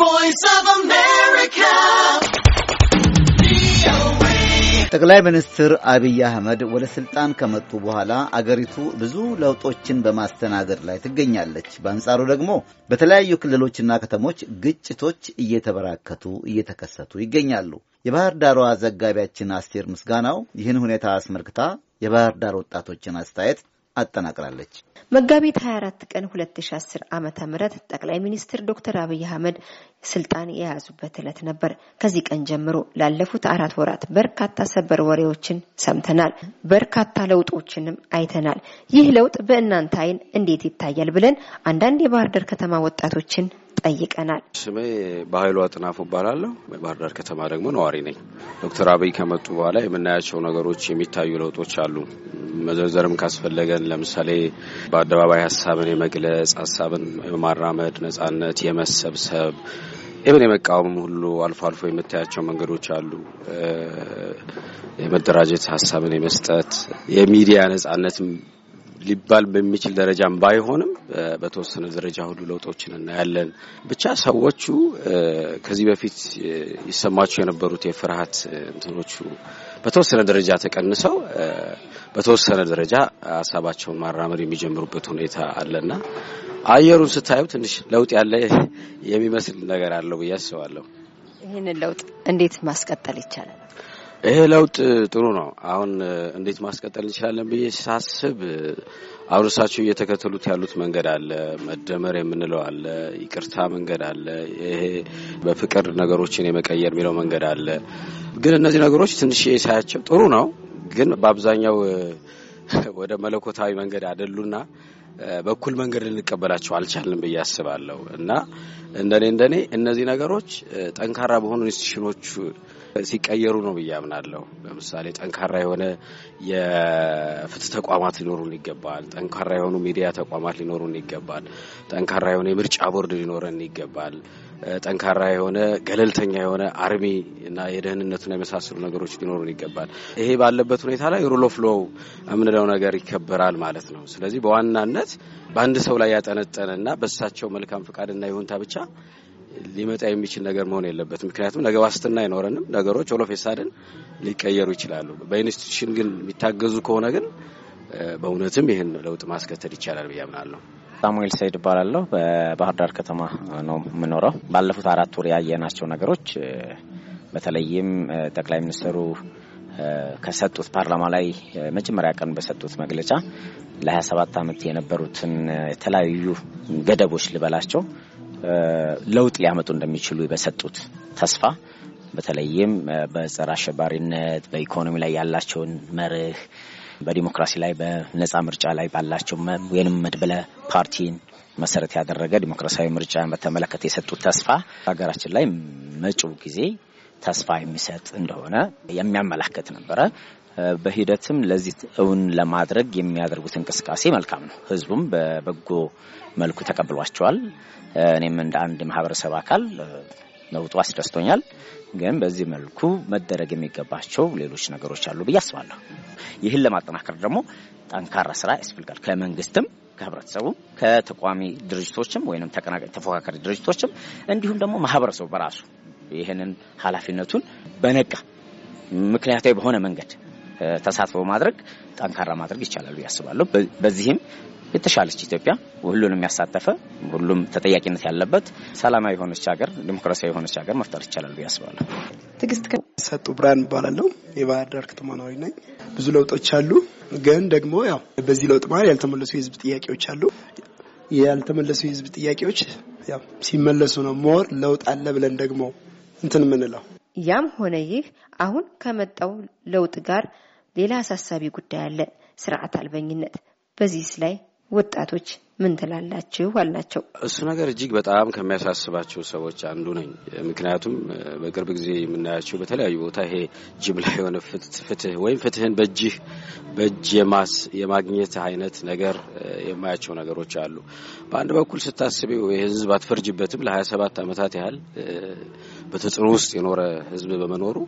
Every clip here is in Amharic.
voice of America. ጠቅላይ ሚኒስትር አብይ አህመድ ወደ ስልጣን ከመጡ በኋላ አገሪቱ ብዙ ለውጦችን በማስተናገድ ላይ ትገኛለች። በአንጻሩ ደግሞ በተለያዩ ክልሎችና ከተሞች ግጭቶች እየተበራከቱ እየተከሰቱ ይገኛሉ። የባህር ዳሯ ዘጋቢያችን አስቴር ምስጋናው ይህን ሁኔታ አስመልክታ የባህር ዳር ወጣቶችን አስተያየት አጠናቅራለች። መጋቢት 24 ቀን 2010 ዓ ም ጠቅላይ ሚኒስትር ዶክተር አብይ አህመድ ስልጣን የያዙበት ዕለት ነበር። ከዚህ ቀን ጀምሮ ላለፉት አራት ወራት በርካታ ሰበር ወሬዎችን ሰምተናል። በርካታ ለውጦችንም አይተናል። ይህ ለውጥ በእናንተ አይን እንዴት ይታያል ብለን አንዳንድ የባህር ዳር ከተማ ወጣቶችን ጠይቀናል። ስሜ በሀይሉ አጥናፉ እባላለሁ። ባህር ዳር ከተማ ደግሞ ነዋሪ ነኝ። ዶክተር አብይ ከመጡ በኋላ የምናያቸው ነገሮች የሚታዩ ለውጦች አሉ። መዘርዘርም ካስፈለገን ለምሳሌ በአደባባይ ሀሳብን የመግለጽ ሀሳብን የማራመድ ነጻነት፣ የመሰብሰብ ኢብን የመቃወም ሁሉ አልፎ አልፎ የምታያቸው መንገዶች አሉ። የመደራጀት ሀሳብን የመስጠት የሚዲያ ነጻነትም ሊባል በሚችል ደረጃም ባይሆንም በተወሰነ ደረጃ ሁሉ ለውጦችን እናያለን። ብቻ ሰዎቹ ከዚህ በፊት ይሰማቸው የነበሩት የፍርሃት እንትኖቹ በተወሰነ ደረጃ ተቀንሰው በተወሰነ ደረጃ ሀሳባቸውን ማራመድ የሚጀምሩበት ሁኔታ አለና አየሩን ስታዩ ትንሽ ለውጥ ያለ የሚመስል ነገር አለው ብዬ አስባለሁ። ይህንን ለውጥ እንዴት ማስቀጠል ይቻላል? ይሄ ለውጥ ጥሩ ነው። አሁን እንዴት ማስቀጠል እንችላለን ብዬ ሳስብ አሁን እሳቸው እየተከተሉት ያሉት መንገድ አለ፣ መደመር የምንለው አለ፣ ይቅርታ መንገድ አለ፣ ይሄ በፍቅር ነገሮችን የመቀየር የሚለው መንገድ አለ። ግን እነዚህ ነገሮች ትንሽ ሳያቸው ጥሩ ነው፣ ግን በአብዛኛው ወደ መለኮታዊ መንገድ አይደሉና በኩል መንገድ ልንቀበላቸው አልቻልንም ብዬ አስባለሁ እና እንደኔ እንደኔ እነዚህ ነገሮች ጠንካራ በሆኑ ኢንስቲትዩሽኖች ሲቀየሩ ነው ብዬ አምናለሁ። ለምሳሌ ጠንካራ የሆነ የፍትህ ተቋማት ሊኖሩን ይገባል። ጠንካራ የሆኑ ሚዲያ ተቋማት ሊኖሩን ይገባል። ጠንካራ የሆነ የምርጫ ቦርድ ሊኖረን ይገባል። ጠንካራ የሆነ ገለልተኛ የሆነ አርሚ እና የደህንነቱን የመሳሰሉ ነገሮች ሊኖሩን ይገባል። ይሄ ባለበት ሁኔታ ላይ ሩል ኦፍ ሎው የምንለው ነገር ይከበራል ማለት ነው። ስለዚህ በዋናነት በአንድ ሰው ላይ ያጠነጠነና በሳቸው መልካም ፈቃድና ይሁንታ ብቻ ሊመጣ የሚችል ነገር መሆን የለበትም። ምክንያቱም ነገ ዋስትና አይኖረንም። ነገሮች ሆሎ ፌሳድን ሊቀየሩ ይችላሉ። በኢንስቲቱሽን ግን የሚታገዙ ከሆነ ግን በእውነትም ይህን ለውጥ ማስከተል ይቻላል ብዬ አምናለሁ። ሳሙኤል ሰይድ እባላለሁ። በባህር ዳር ከተማ ነው የምኖረው። ባለፉት አራት ወር ያየናቸው ነገሮች በተለይም ጠቅላይ ሚኒስትሩ ከሰጡት ፓርላማ ላይ መጀመሪያ ቀን በሰጡት መግለጫ ለ27 ዓመት የነበሩትን የተለያዩ ገደቦች ልበላቸው ለውጥ ሊያመጡ እንደሚችሉ በሰጡት ተስፋ በተለይም በጸረ አሸባሪነት በኢኮኖሚ ላይ ያላቸውን መርህ በዲሞክራሲ ላይ በነጻ ምርጫ ላይ ባላቸው ወይንም መድበለ ፓርቲን መሰረት ያደረገ ዲሞክራሲያዊ ምርጫ በተመለከተ የሰጡት ተስፋ ሀገራችን ላይ መጪው ጊዜ ተስፋ የሚሰጥ እንደሆነ የሚያመላክት ነበረ። በሂደትም ለዚህ እውን ለማድረግ የሚያደርጉት እንቅስቃሴ መልካም ነው። ህዝቡም በበጎ መልኩ ተቀብሏቸዋል። እኔም እንደ አንድ ማህበረሰብ አካል ለውጡ አስደስቶኛል። ግን በዚህ መልኩ መደረግ የሚገባቸው ሌሎች ነገሮች አሉ ብዬ አስባለሁ። ይህን ለማጠናከር ደግሞ ጠንካራ ስራ ያስፈልጋል ከመንግስትም ከህብረተሰቡም ከተቋሚ ድርጅቶችም ወይም ተፎካካሪ ድርጅቶችም እንዲሁም ደግሞ ማህበረሰቡ በራሱ ይህንን ኃላፊነቱን በነቃ ምክንያታዊ በሆነ መንገድ ተሳትፎ በማድረግ ጠንካራ ማድረግ ይቻላል ብዬ አስባለሁ። በዚህም የተሻለች ኢትዮጵያ ሁሉንም ያሳተፈ ሁሉም ተጠያቂነት ያለበት ሰላማዊ የሆነች ሀገር፣ ዲሞክራሲያዊ የሆነች ሀገር መፍጠር ይቻላል ብዬ አስባለሁ። ትዕግስት ሰጡ ብርሃን እባላለሁ። የባህር ዳር ከተማ ነዋሪ ነኝ። ብዙ ለውጦች አሉ፣ ግን ደግሞ ያው በዚህ ለውጥ መሀል ያልተመለሱ የህዝብ ጥያቄዎች አሉ። ያልተመለሱ የህዝብ ጥያቄዎች ያው ሲመለሱ ነው ሞር ለውጥ አለ ብለን ደግሞ እንትን ምንለው። ያም ሆነ ይህ አሁን ከመጣው ለውጥ ጋር ሌላ አሳሳቢ ጉዳይ አለ፣ ስርዓት አልበኝነት። በዚህስ ላይ ወጣቶች ምን ትላላችሁ? አልናቸው። እሱ ነገር እጅግ በጣም ከሚያሳስባቸው ሰዎች አንዱ ነኝ። ምክንያቱም በቅርብ ጊዜ የምናያቸው በተለያዩ ቦታ ይሄ ጅምላ የሆነ ፍትህ ወይም ፍትህን በእጅህ በእጅ የማግኘት አይነት ነገር የማያቸው ነገሮች አሉ። በአንድ በኩል ስታስቢው ይህ ህዝብ አትፈርጅበትም። ለ27 ዓመታት ያህል በተጽዕኖ ውስጥ የኖረ ህዝብ በመኖሩ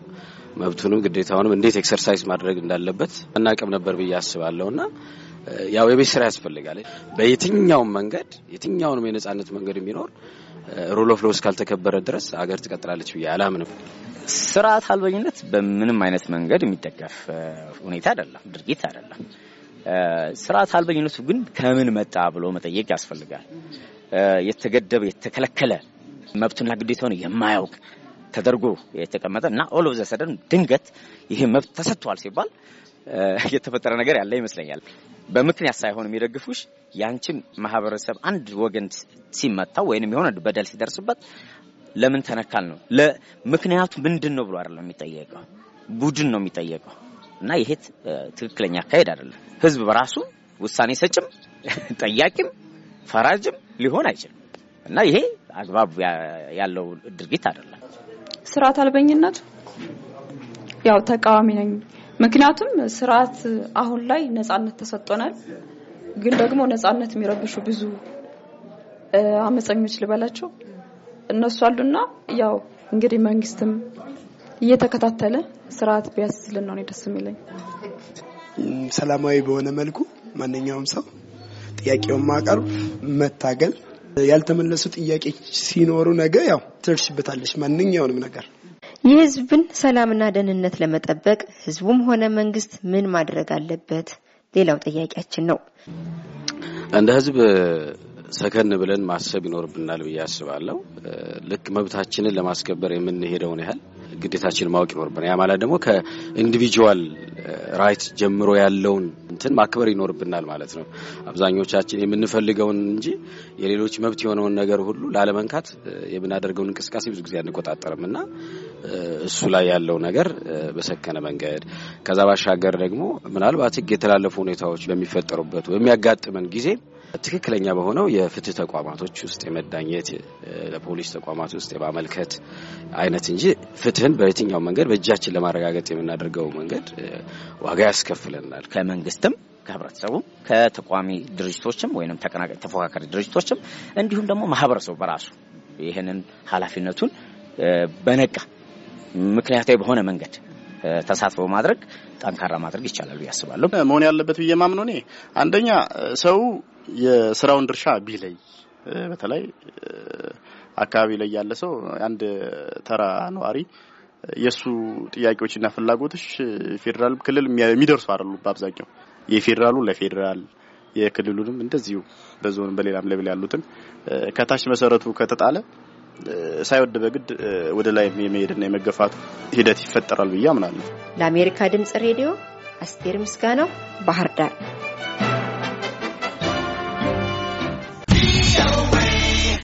መብቱንም ግዴታውንም እንዴት ኤክሰርሳይዝ ማድረግ እንዳለበት አናቅም ነበር ብዬ አስባለሁ እና ያው የቤት ስራ ያስፈልጋል። በየትኛውም መንገድ የትኛውንም የነጻነት መንገድ ቢኖር ሩል ኦፍ ሎው እስካልተከበረ ድረስ አገር ትቀጥላለች ብዬ አላምንም። ስርዓት አልበኝነት በምንም አይነት መንገድ የሚደገፍ ሁኔታ አይደለም፣ ድርጊት አይደለም። ስርዓት አልበኝነቱ ግን ከምን መጣ ብሎ መጠየቅ ያስፈልጋል። የተገደበ የተከለከለ መብቱና ግዴታውን የማያውቅ ተደርጎ የተቀመጠ እና ኦል ኦፍ ዘሰደን ድንገት ይሄ መብት ተሰጥቷል ሲባል የተፈጠረ ነገር ያለ ይመስለኛል። በምክንያት ሳይሆን የሚደግፉሽ ያንቺን ማህበረሰብ አንድ ወገን ሲመታው ወይንም የሆነ በደል ሲደርስበት ለምን ተነካል ነው ለምክንያቱ ምንድን ነው ብሎ አይደለም የሚጠየቀው፣ ቡድን ነው የሚጠየቀው። እና ይሄት ትክክለኛ አካሄድ አይደለም። ህዝብ በራሱ ውሳኔ ሰጭም ጠያቂም ፈራጅም ሊሆን አይችልም። እና ይሄ አግባብ ያለው ድርጊት አይደለም። ስርዓት አልበኝነት ያው ተቃዋሚ ነኝ። ምክንያቱም ስርዓት አሁን ላይ ነጻነት ተሰጥቶናል፣ ግን ደግሞ ነጻነት የሚረብሹ ብዙ አመፀኞች ልበላቸው እነሱ አሉና ያው እንግዲህ መንግስትም እየተከታተለ ስርዓት ቢያስዝልን ነው ደስ የሚለኝ። ሰላማዊ በሆነ መልኩ ማንኛውም ሰው ጥያቄውን ማቀርብ መታገል ያልተመለሱ ጥያቄዎች ሲኖሩ ነገ ያው ትደርሽበታለች ማንኛውንም ነገር። የህዝብን ሰላምና ደህንነት ለመጠበቅ ህዝቡም ሆነ መንግስት ምን ማድረግ አለበት? ሌላው ጥያቄያችን ነው። እንደ ህዝብ ሰከን ብለን ማሰብ ይኖርብናል ብዬ አስባለሁ። ልክ መብታችንን ለማስከበር የምንሄደውን ያህል ግዴታችን ማወቅ ይኖርብናል። ያ ማለት ደግሞ ከኢንዲቪጁዋል ራይት ጀምሮ ያለውን እንትን ማክበር ይኖርብናል ማለት ነው። አብዛኞቻችን የምንፈልገውን እንጂ የሌሎች መብት የሆነውን ነገር ሁሉ ላለመንካት የምናደርገውን እንቅስቃሴ ብዙ ጊዜ አንቆጣጠርም እና እሱ ላይ ያለው ነገር በሰከነ መንገድ ከዛ ባሻገር ደግሞ ምናልባት ህግ የተላለፉ ሁኔታዎች በሚፈጠሩበት በሚያጋጥመን ጊዜ ትክክለኛ በሆነው የፍትህ ተቋማቶች ውስጥ የመዳኘት ለፖሊስ ተቋማት ውስጥ የማመልከት አይነት እንጂ ፍትህን በየትኛው መንገድ በእጃችን ለማረጋገጥ የምናደርገው መንገድ ዋጋ ያስከፍለናል። ከመንግስትም ከህብረተሰቡ ከተቋሚ ድርጅቶችም ወይም ተፎካካሪ ድርጅቶችም እንዲሁም ደግሞ ማህበረሰቡ በራሱ ይህንን ኃላፊነቱን በነቃ ምክንያታዊ በሆነ መንገድ ተሳትፎ ማድረግ ጠንካራ ማድረግ ይቻላል ብዬ አስባለሁ። መሆን ያለበት ብዬ ማምነው እኔ አንደኛ ሰው የስራውን ድርሻ ቢለይ በተለይ አካባቢ ላይ ያለ ሰው አንድ ተራ ነዋሪ የእሱ ጥያቄዎችና ፍላጎቶች ፌዴራል ክልል የሚደርሱ አይደሉ። በአብዛኛው የፌዴራሉ ለፌዴራል የክልሉንም እንደዚሁ በዞን በሌላም ለብል ያሉትን ከታች መሰረቱ ከተጣለ ሳይወድ በግድ ወደ ላይ የመሄድና የመገፋት ሂደት ይፈጠራል ብዬ አምናለሁ። ለአሜሪካ ድምጽ ሬዲዮ አስቴር ምስጋናው ባህር ዳር